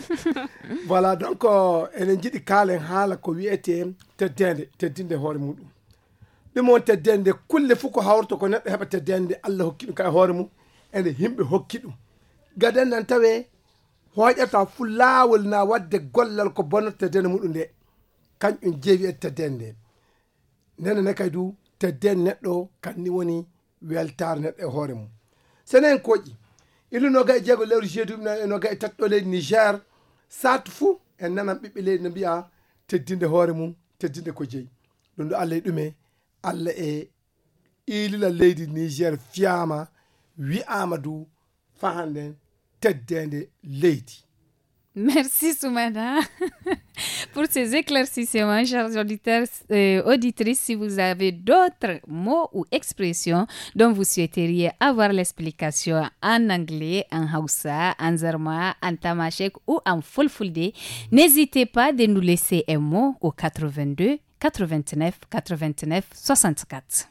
voilà, donc, enen euh, jiɗi kaalen Hala, ko wiyete teddende, teddinde hoore muɗum. ɗum on teddende kulle fof ko hawrto ko neɗɗo heɓa allah hokki ɗum ka e hoore mum ene himɓe hokki ɗum gadan nan tawe hoƴata fu laawol na wadde gollal ko bonnotedene muɗum nde kañum jeewi e teddene nde nenene kay du teddene neɗɗo kanni woni weltare neɗɗo e hoore mum sene en kooƴi ilu noga e jeego lewru jeedi ɗum e noga e tatɗo leydi niger satu fuu en nanan ɓiɓɓe leydi no mbiya teddinde hoore mum teddinde ko jeyi ɗum ɗo allah e ɗume allah e ilila leydi niger fiyama wi'ama du fahan nden Lady. Merci Soumana pour ces éclaircissements, chers auditeurs, euh, auditrices. Si vous avez d'autres mots ou expressions dont vous souhaiteriez avoir l'explication en anglais, en hausa, en zarma, en tamashek ou en fulfulde, n'hésitez pas de nous laisser un mot au 82 89 89 64.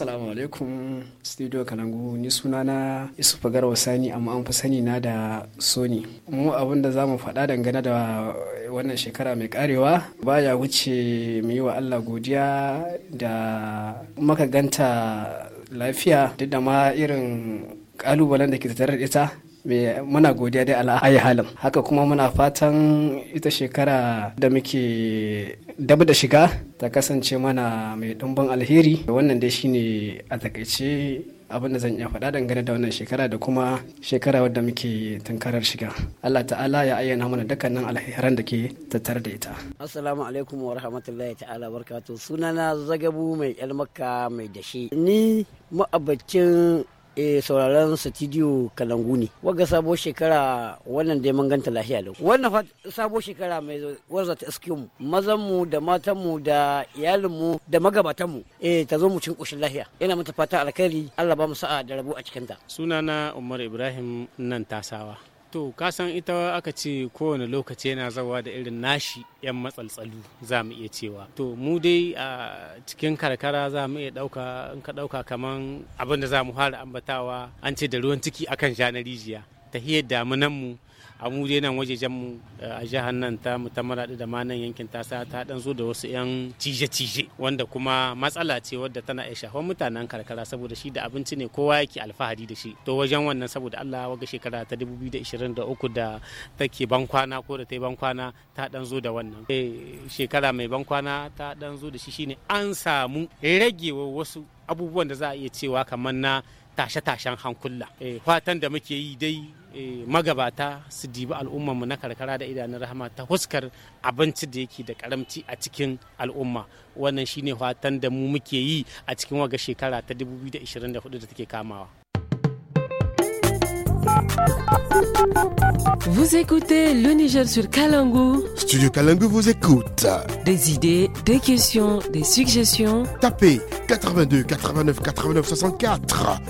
Assalamu alaikum studio Kalangu ni sunana Isufa Garba Sani amma an fi sani na da Sony. Mu abin da za mu faɗa dangane da wannan shekara mai karewa baya wuce mu yi wa Allah godiya da maka ganta lafiya duk da ma irin kalubalen da ke tattare da ita muna godiya dai ayi halin haka kuma muna fatan ita shekara da muke dab da shiga ta kasance mana mai ɗumbin alheri wannan dai shine a takaice abin da zan iya faɗa dangane da wannan shekara da kuma shekara wadda muke tunkarar shiga Allah ta'ala ya ayyana mana dukkanin alheran da ke tattare da ita assalamu alaikum wa rahmatullahi ta'ala barkatu sunana zagabu mai makka mai dashi ni ma'abacin e sauraron studio kalangu ne wagga sabo shekara wannan dai mun ganta lahiya lau wannan sabo shekara mai wanzu ta iske mu mazan mu da matan mu da iyalin mu da magabatan mu eh ta zo mu cin koshin lahiya ina mata fata alkhairi Allah ba mu sa'a da rabu a cikin ta sunana Umar Ibrahim nan tasawa To, kasan ita aka ce kowane lokaci yana zawa da irin nashi 'yan matsaltsalu za mu iya cewa. To, mu dai a cikin karkara za mu iya ɗauka in ka ɗauka kaman abin da za mu fara ambatawa an ce da ruwan ciki akan sha na rijiya. Tahiyar damunan mu a mu dai nan wajejen mu eh, a jihar nan ta mu ta maradi da manan yankin ta sa ta dan zo da wasu yan tije-tije wanda kuma matsala ce wadda tana iya shafan mutanen karkara saboda shi da abinci ne kowa yake alfahari da shi to wajen wannan saboda Allah waga shekara ta 2023 da take ban kwana ko da ta yi ban kwana ta dan zo da wannan eh, shekara mai ban kwana ta dan zo da shi shine an samu ragewa wasu abubuwan da za a iya cewa kamar na tashe-tashen hankula eh, fatan da muke yi dai eh, magabata su dibi al'ummarmu na karkara da idanun rahama ta huskar abinci da yake da karamci a cikin al'umma wannan shine fatan da mu muke yi a cikin waga shekara ta 2024 da take kamawa Vous écoutez le Niger sur Kalangu. Studio Kalangu vous écoute. Des idées, des questions, des suggestions. Tapez 82 89 89 64.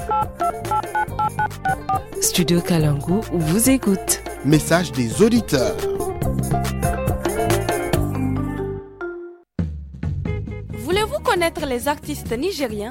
Studio Kalangu vous écoute. Message des auditeurs. Voulez-vous connaître les artistes nigériens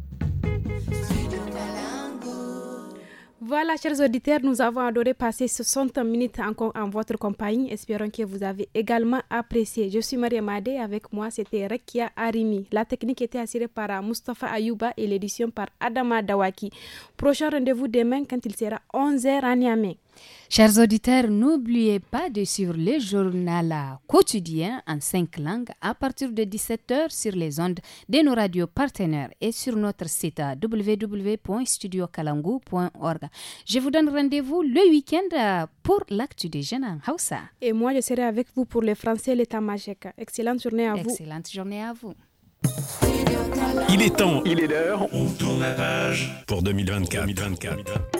Voilà, chers auditeurs, nous avons adoré passer 60 minutes encore en votre compagnie. Espérons que vous avez également apprécié. Je suis Maria Madé. Avec moi, c'était Rekia Arimi. La technique était assurée par Mustafa Ayuba et l'édition par Adama Dawaki. Prochain rendez-vous demain quand il sera 11h à Niamey. Chers auditeurs, n'oubliez pas de suivre le journal quotidien en cinq langues à partir de 17h sur les ondes de nos radios partenaires et sur notre site www.studiokalangu.org. Je vous donne rendez-vous le week-end pour l'actu des jeunes Et moi, je serai avec vous pour le Français l'état magique. Excellente journée à vous. Excellente journée à vous. Il est temps, il est l'heure, on page pour 2024. 2024.